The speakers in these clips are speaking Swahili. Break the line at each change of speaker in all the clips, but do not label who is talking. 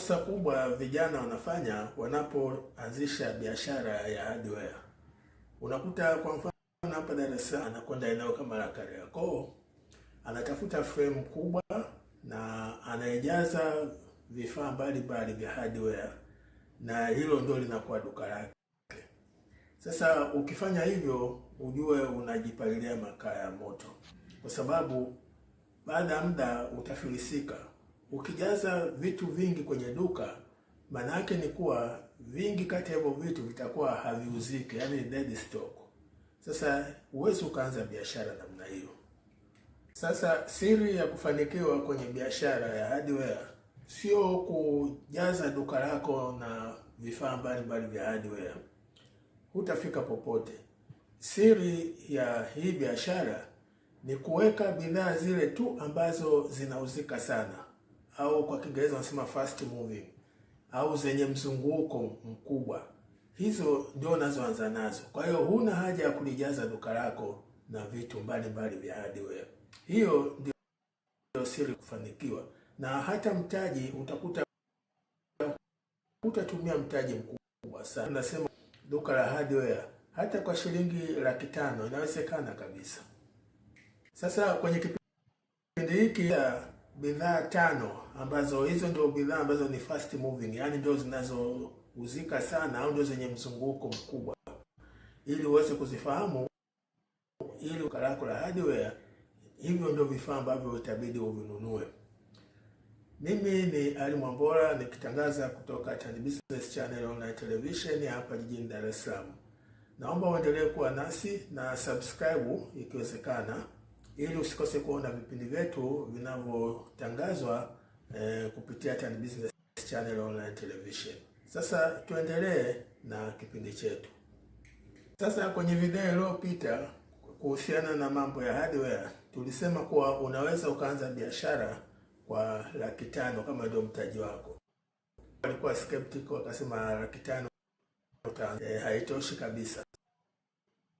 Kosa kubwa vijana wanafanya wanapoanzisha biashara ya hardware. Unakuta kwa mfano hapa Dar es Salaam anakwenda eneo kama la Kariakoo, anatafuta frame kubwa na anaijaza vifaa mbalimbali vya hardware, na hilo ndio linakuwa duka lake. Sasa ukifanya hivyo, ujue unajipalilia makaa ya moto, kwa sababu baada ya muda utafilisika. Ukijaza vitu vingi kwenye duka, maana yake ni kuwa vingi kati ya hivyo vitu vitakuwa haviuziki, yani dead stock. Sasa huwezi ukaanza biashara namna hiyo. Sasa siri ya kufanikiwa kwenye biashara ya hardware sio kujaza duka lako na vifaa mbalimbali vya hardware, hutafika popote. Siri ya hii biashara ni kuweka bidhaa zile tu ambazo zinauzika sana au kwa Kiingereza wanasema fast moving au zenye mzunguko mkubwa, hizo ndio unazoanza nazo. Kwa hiyo huna haja ya kulijaza duka lako na vitu mbalimbali vya hardware. Hiyo ndio siri kufanikiwa, na hata mtaji utakuta utatumia mtaji mkubwa sana. Nasema duka la hardware hata kwa shilingi laki tano inawezekana kabisa. Sasa kwenye kipindi hiki bidhaa tano ambazo hizo ndio bidhaa ambazo ni fast moving, yani ndio zinazouzika sana au ndio zenye mzunguko mkubwa. Ili uweze kuzifahamu ili duka lako la hardware, hivyo ndio vifaa ambavyo itabidi uvinunue. Mimi ni Ali Mwambola nikitangaza kutoka Tan Business Channel Online Television hapa jijini Dar es Salaam. Naomba uendelee kuwa nasi na subscribe ikiwezekana ili usikose kuona vipindi vyetu vinavyotangazwa eh, kupitia Tan Business Channel Online Television. Sasa tuendelee na kipindi chetu. Sasa kwenye video iliyopita kuhusiana na mambo ya hardware tulisema kuwa unaweza ukaanza biashara kwa laki tano kama ndio mtaji wako. Walikuwa skeptical wakasema laki tano e, haitoshi kabisa.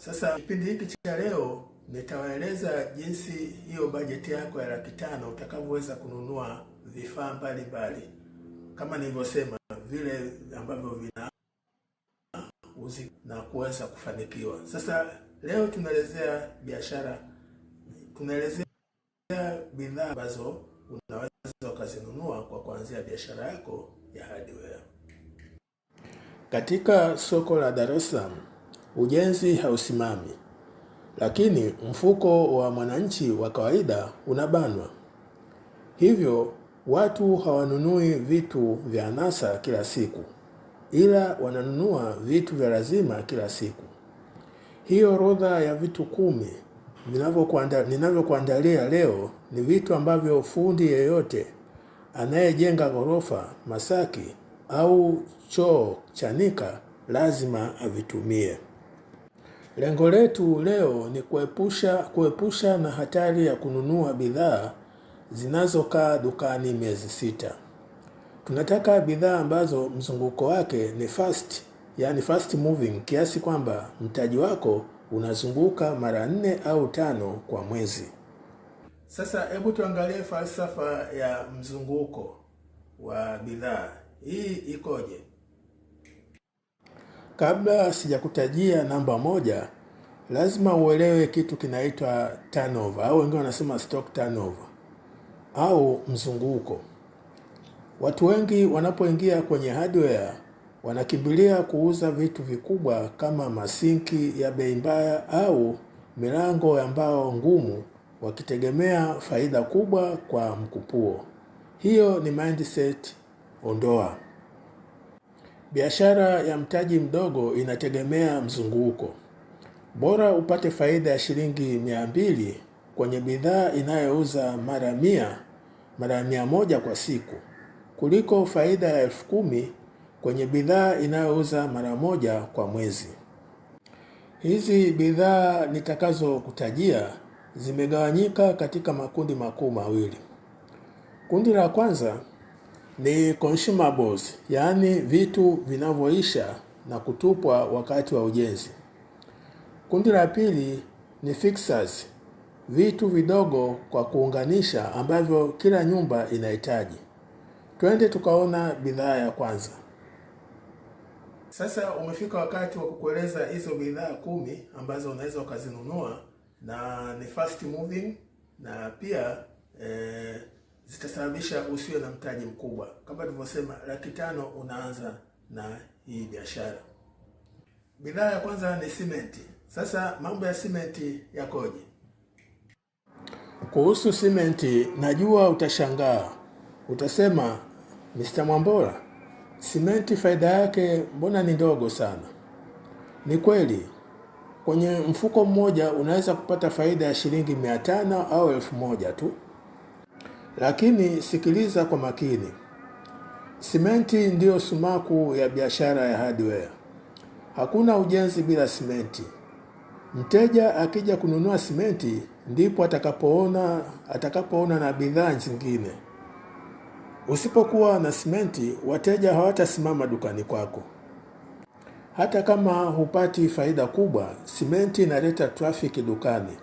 Sasa kipindi hiki cha leo nitawaeleza jinsi hiyo bajeti yako ya laki tano utakavyoweza kununua vifaa mbalimbali kama nilivyosema, vile ambavyo vina uzi na kuweza kufanikiwa. Sasa leo tunaelezea biashara, tunaelezea bidhaa ambazo unaweza ukazinunua kwa kuanzia biashara yako ya hardware. Katika soko la Dar es Salaam ujenzi hausimami lakini mfuko wa mwananchi wa kawaida unabanwa, hivyo watu hawanunui vitu vya anasa kila siku, ila wananunua vitu vya lazima kila siku. Hiyo orodha ya vitu kumi ninavyokuandalia leo ni vitu ambavyo fundi yeyote anayejenga ghorofa Masaki au choo Chanika lazima avitumie. Lengo letu leo ni kuepusha kuepusha na hatari ya kununua bidhaa zinazokaa dukani miezi sita. Tunataka bidhaa ambazo mzunguko wake ni fast, yani fast moving, kiasi kwamba mtaji wako unazunguka mara nne au tano kwa mwezi. Sasa hebu tuangalie falsafa ya mzunguko wa bidhaa hii ikoje? Kabla sijakutajia namba moja, lazima uelewe kitu kinaitwa turnover au wengine wanasema stock turnover au mzunguko. Watu wengi wanapoingia kwenye hardware wanakimbilia kuuza vitu vikubwa kama masinki ya bei mbaya au milango ya mbao ngumu, wakitegemea faida kubwa kwa mkupuo. Hiyo ni mindset, ondoa. Biashara ya mtaji mdogo inategemea mzunguko. Bora upate faida ya shilingi mia mbili kwenye bidhaa inayouza mara mia mara mia moja kwa siku kuliko faida ya elfu kumi kwenye bidhaa inayouza mara moja kwa mwezi. Hizi bidhaa nitakazokutajia zimegawanyika katika makundi makuu mawili. Kundi la kwanza ni consumables, yaani vitu vinavyoisha na kutupwa wakati wa ujenzi. Kundi la pili ni fixers, vitu vidogo kwa kuunganisha ambavyo kila nyumba inahitaji. Twende tukaona bidhaa ya kwanza. Sasa umefika wakati wa kukueleza hizo bidhaa kumi ambazo unaweza ukazinunua na ni fast moving na pia eh, zitasababisha usiwe na mtaji mkubwa. Kama tulivyosema, laki tano unaanza na hii biashara. Bidhaa ya kwanza ni simenti. Sasa mambo ya simenti yakoje? Kuhusu simenti, najua utashangaa, utasema Mr. Mwambola, simenti faida yake mbona ni ndogo sana? Ni kweli, kwenye mfuko mmoja unaweza kupata faida ya shilingi mia tano au elfu moja tu lakini sikiliza kwa makini, simenti ndiyo sumaku ya biashara ya hardware. Hakuna ujenzi bila simenti. Mteja akija kununua simenti, ndipo atakapoona atakapoona na bidhaa zingine. Usipokuwa na simenti, wateja hawatasimama dukani kwako. Hata kama hupati faida kubwa, simenti inaleta trafiki dukani.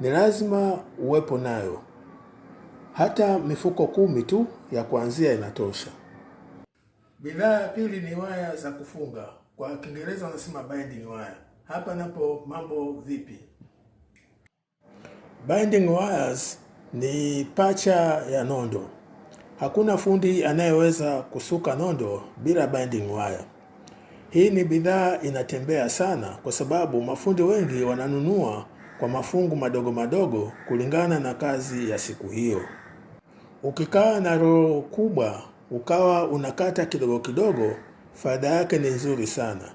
Ni lazima uwepo nayo hata mifuko kumi tu ya kuanzia inatosha. Bidhaa ya pili ni waya za kufunga, kwa Kiingereza wanasema binding wire. Hapa napo mambo vipi? Binding wires ni pacha ya nondo. Hakuna fundi anayeweza kusuka nondo bila binding wire. Hii ni bidhaa inatembea sana, kwa sababu mafundi wengi wananunua kwa mafungu madogo madogo kulingana na kazi ya siku hiyo. Ukikaa na roho kubwa ukawa unakata kidogo kidogo, faida yake ni nzuri sana.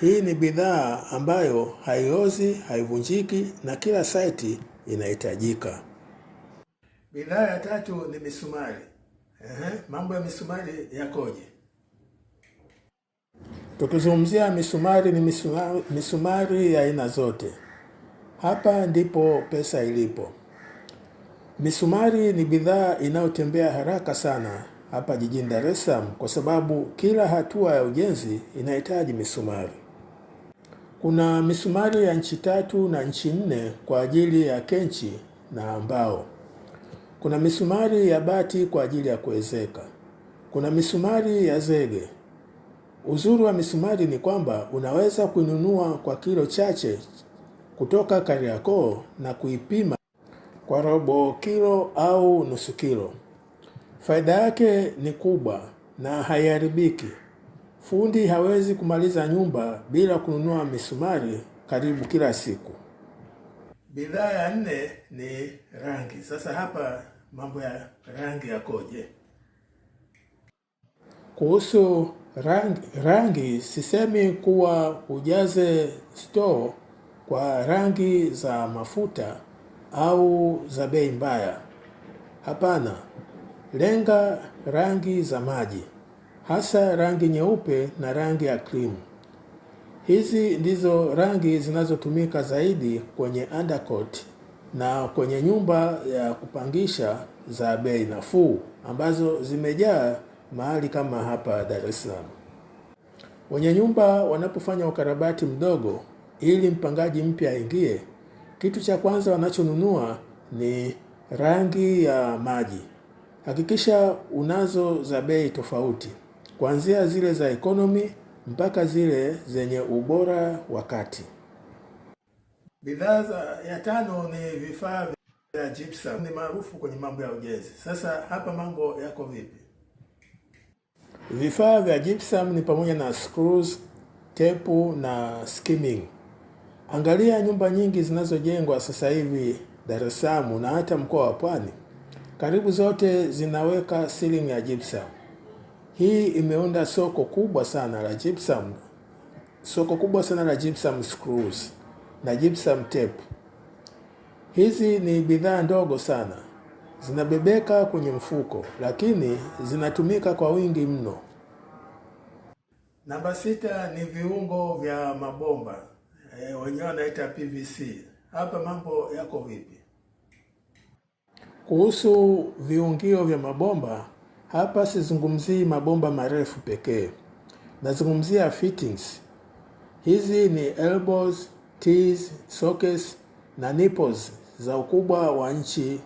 Hii ni bidhaa ambayo haiozi, haivunjiki na kila saiti inahitajika. Bidhaa ya tatu ni misumari. Ehe, mambo ya misumari yakoje? Tukizungumzia misumari ni misumari, misumari ya aina zote. Hapa ndipo pesa ilipo. Misumari ni bidhaa inayotembea haraka sana hapa jijini Dar es Salaam kwa sababu kila hatua ya ujenzi inahitaji misumari. Kuna misumari ya nchi tatu na nchi nne kwa ajili ya kenchi na mbao. Kuna misumari ya bati kwa ajili ya kuwezeka. Kuna misumari ya zege. Uzuri wa misumari ni kwamba unaweza kuinunua kwa kilo chache kutoka Kariakoo na kuipima kwa robo kilo au nusu kilo. Faida yake ni kubwa na haiharibiki. Fundi hawezi kumaliza nyumba bila kununua misumari karibu kila siku. Bidhaa ya nne ni rangi. Sasa hapa mambo ya rangi yakoje? Kuhusu rangi, rangi sisemi kuwa ujaze store kwa rangi za mafuta au za bei mbaya. Hapana, lenga rangi za maji, hasa rangi nyeupe na rangi ya krimu. Hizi ndizo rangi zinazotumika zaidi kwenye undercoat na kwenye nyumba ya kupangisha za bei nafuu ambazo zimejaa mahali kama hapa Dar es Salaam. Wenye nyumba wanapofanya ukarabati mdogo ili mpangaji mpya aingie kitu cha kwanza wanachonunua ni rangi ya maji. Hakikisha unazo za bei tofauti, kuanzia zile za economy mpaka zile zenye ubora wa kati. Bidhaa ya tano ni vifaa vya gypsum, ni maarufu kwenye mambo ya ujenzi. Sasa hapa mambo yako vipi? Vifaa vya gypsum ni pamoja na screws, tepu na skimming. Angalia nyumba nyingi zinazojengwa sasa hivi Dar es Salaam na hata mkoa wa Pwani, karibu zote zinaweka ceiling ya gypsum. Hii imeunda soko kubwa sana la gypsum, soko kubwa sana la gypsum screws na gypsum tape. Hizi ni bidhaa ndogo sana zinabebeka kwenye mfuko, lakini zinatumika kwa wingi mno. Namba sita ni viungo vya mabomba eh, wenyewe wanaita PVC. Hapa mambo yako vipi kuhusu viungio vya mabomba? Hapa sizungumzii mabomba marefu pekee, nazungumzia fittings. Hizi ni elbows, tees, sockets na nipples za ukubwa wa nchi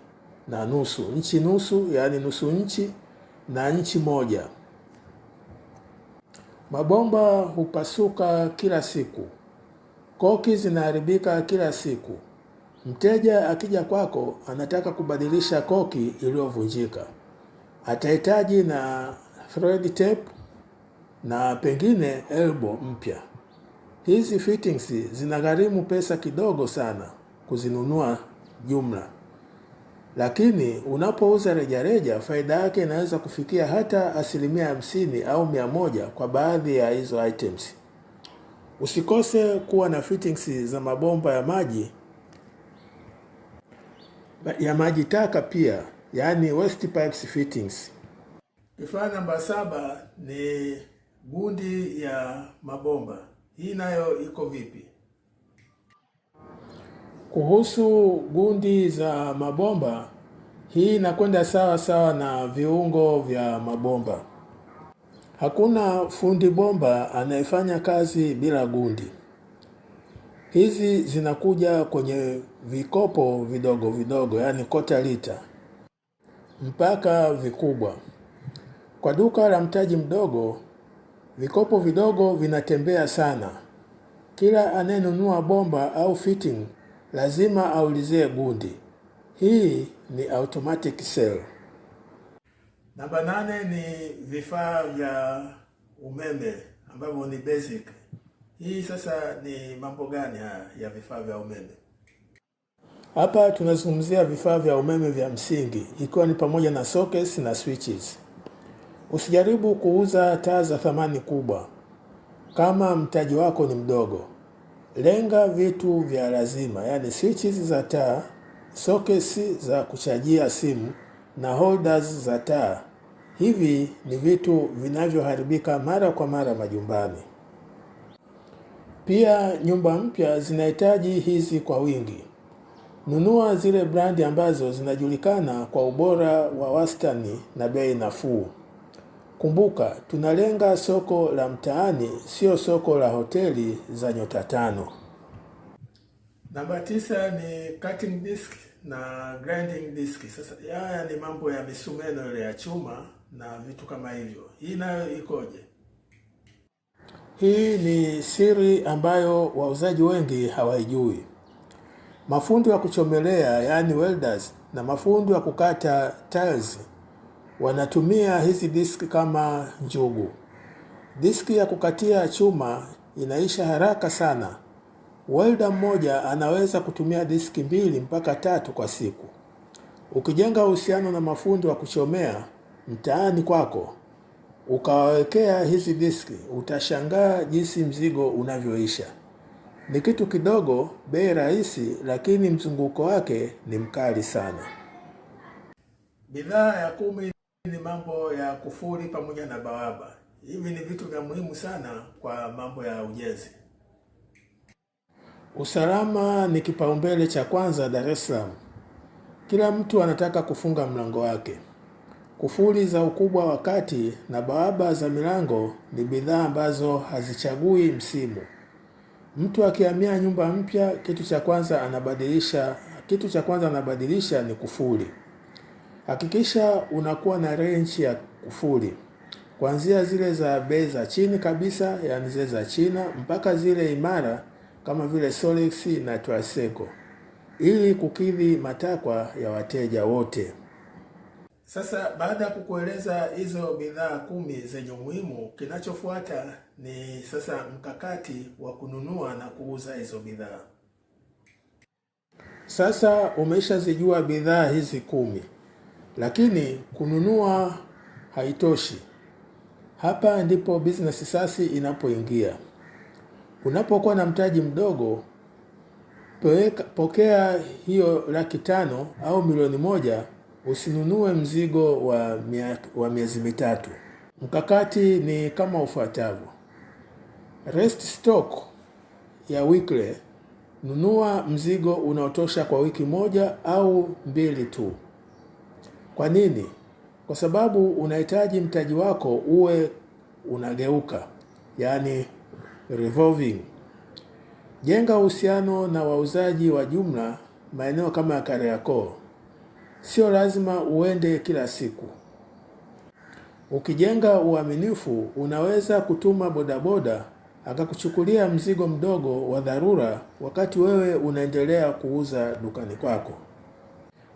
na nusu, nchi nusu, yaani nusu nchi na nchi moja. Mabomba hupasuka kila siku Koki zinaharibika kila siku. Mteja akija kwako anataka kubadilisha koki iliyovunjika, atahitaji na thread tape na pengine elbow mpya. Hizi fittings zinagharimu pesa kidogo sana kuzinunua jumla, lakini unapouza rejareja faida yake inaweza kufikia hata asilimia hamsini au mia moja kwa baadhi ya hizo items. Usikose kuwa na fittings za mabomba ya maji ya maji taka pia, yaani waste pipes fittings. Kifaa namba saba ni gundi ya mabomba. Hii nayo iko vipi? Kuhusu gundi za mabomba, hii inakwenda sawa sawa na viungo vya mabomba. Hakuna fundi bomba anayefanya kazi bila gundi. Hizi zinakuja kwenye vikopo vidogo vidogo, yaani kota lita mpaka vikubwa. Kwa duka la mtaji mdogo, vikopo vidogo vinatembea sana. Kila anayenunua bomba au fitting lazima aulizie gundi. Hii ni automatic sale. Namba nane ni vifaa vya umeme ambavyo ni basic. Hii sasa ni mambo gani haya ya vifaa vya umeme? Hapa tunazungumzia vifaa vya umeme vya msingi ikiwa ni pamoja na sockets na switches. Usijaribu kuuza taa za thamani kubwa kama mtaji wako ni mdogo. Lenga vitu vya lazima, yaani switches za taa, sockets za kuchajia simu na holders za taa Hivi ni vitu vinavyoharibika mara kwa mara majumbani. Pia nyumba mpya zinahitaji hizi kwa wingi. Nunua zile brandi ambazo zinajulikana kwa ubora wa wastani na bei nafuu. Kumbuka, tunalenga soko la mtaani, sio soko la hoteli za nyota tano. Namba tisa ni cutting disc na grinding disc. Sasa haya ni mambo ya misumeno ile ya chuma na vitu kama hivyo. Hii nayo ikoje? Hii ni siri ambayo wauzaji wengi hawaijui. Mafundi wa kuchomelea yaani welders na mafundi wa kukata tiles wanatumia hizi diski kama njugu. Diski ya kukatia chuma inaisha haraka sana. Welder mmoja anaweza kutumia diski mbili mpaka tatu kwa siku. Ukijenga uhusiano na mafundi wa kuchomea mtaani kwako ukawawekea hizi diski, utashangaa jinsi mzigo unavyoisha. Ni kitu kidogo, bei rahisi, lakini mzunguko wake ni mkali sana. Bidhaa ya kumi ni mambo ya kufuli pamoja na bawaba. Hivi ni vitu vya muhimu sana kwa mambo ya ujenzi. Usalama ni kipaumbele cha kwanza Dar es Salaam. Kila mtu anataka kufunga mlango wake. Kufuli za ukubwa wa kati na baaba za milango ni bidhaa ambazo hazichagui msimu. Mtu akihamia nyumba mpya, kitu cha kwanza anabadilisha, kitu cha kwanza anabadilisha ni kufuli. Hakikisha unakuwa na renchi ya kufuli kuanzia zile za bei za chini kabisa, yani zile za China mpaka zile imara kama vile Solex na Traseco ili kukidhi matakwa ya wateja wote. Sasa baada ya kukueleza hizo bidhaa kumi zenye umuhimu, kinachofuata ni sasa mkakati wa kununua na kuuza hizo bidhaa. Sasa umeshazijua bidhaa hizi kumi, lakini kununua haitoshi. Hapa ndipo business sasi inapoingia. Unapokuwa na mtaji mdogo, pokea hiyo laki tano au milioni moja Usinunue mzigo wa, mia, wa miezi mitatu. Mkakati ni kama ufuatavyo: rest stock ya weekly, nunua mzigo unaotosha kwa wiki moja au mbili tu. Kwa nini? Kwa sababu unahitaji mtaji wako uwe unageuka, yaani revolving. Jenga uhusiano na wauzaji wa jumla maeneo kama ya Kariakoo sio lazima uende kila siku. Ukijenga uaminifu, unaweza kutuma bodaboda akakuchukulia mzigo mdogo wa dharura wakati wewe unaendelea kuuza dukani kwako.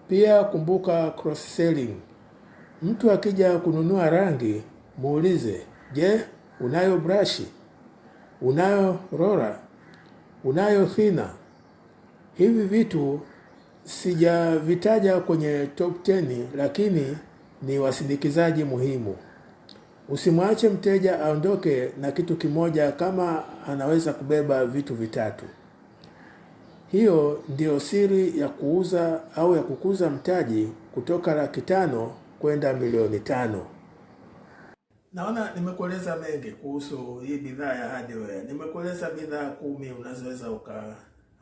Pia kumbuka cross selling. Mtu akija kununua rangi, muulize, je, unayo brashi? Unayo rora? Unayo thina? Hivi vitu sijavitaja kwenye top 10 lakini ni wasindikizaji muhimu. Usimwache mteja aondoke na kitu kimoja kama anaweza kubeba vitu vitatu. Hiyo ndiyo siri ya kuuza au ya kukuza mtaji kutoka laki tano kwenda milioni tano. Naona nimekueleza mengi kuhusu hii bidhaa ya hardware. Nimekueleza bidhaa kumi unazoweza uka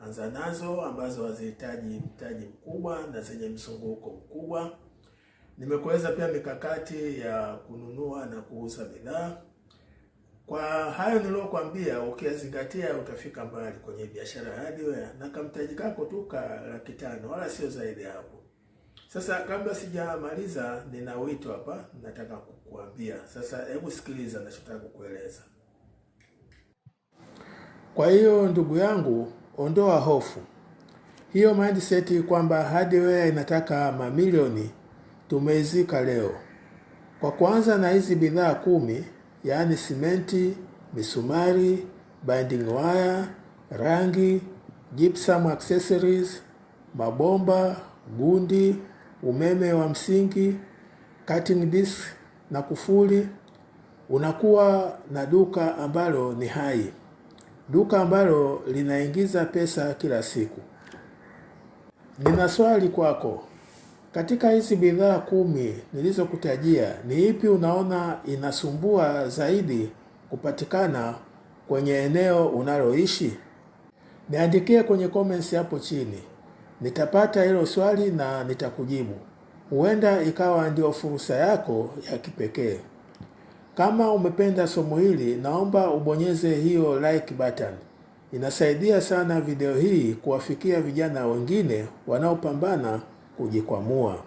anza nazo ambazo hazihitaji mtaji mkubwa na zenye mzunguko mkubwa. Nimekueleza pia mikakati ya kununua na kuuza bidhaa. Kwa hayo niliyokuambia, ukiyazingatia utafika mbali kwenye biashara ya hardware na kamtaji kako tu ka laki tano wala sio zaidi hapo. Sasa kabla sijamaliza, nina wito hapa, nataka kukuambia sasa. Hebu sikiliza nachotaka kukueleza. Kwa hiyo ndugu yangu ondoa hofu hiyo mindset kwamba hardware inataka mamilioni, tumeizika leo kwa kuanza na hizi bidhaa kumi, yaani simenti, misumari, binding wire, rangi, gypsum accessories, mabomba, gundi, umeme wa msingi, cutting disk na kufuli, unakuwa na duka ambalo ni hai duka ambalo linaingiza pesa kila siku. Nina swali kwako, katika hizi bidhaa kumi nilizokutajia, ni ipi unaona inasumbua zaidi kupatikana kwenye eneo unaloishi? Niandikie kwenye comments hapo chini, nitapata hilo swali na nitakujibu. Huenda ikawa ndio fursa yako ya kipekee. Kama umependa somo hili, naomba ubonyeze hiyo like button. Inasaidia sana video hii kuwafikia vijana wengine wanaopambana kujikwamua.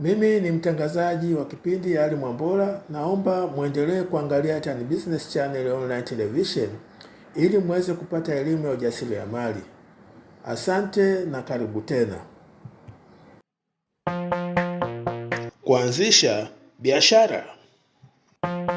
Mimi ni mtangazaji wa kipindi Ali Mwambola. Naomba mwendelee kuangalia Tan Business Channel Online Television ili muweze kupata elimu ya ujasiriamali. Asante na karibu tena. Kuanzisha biashara you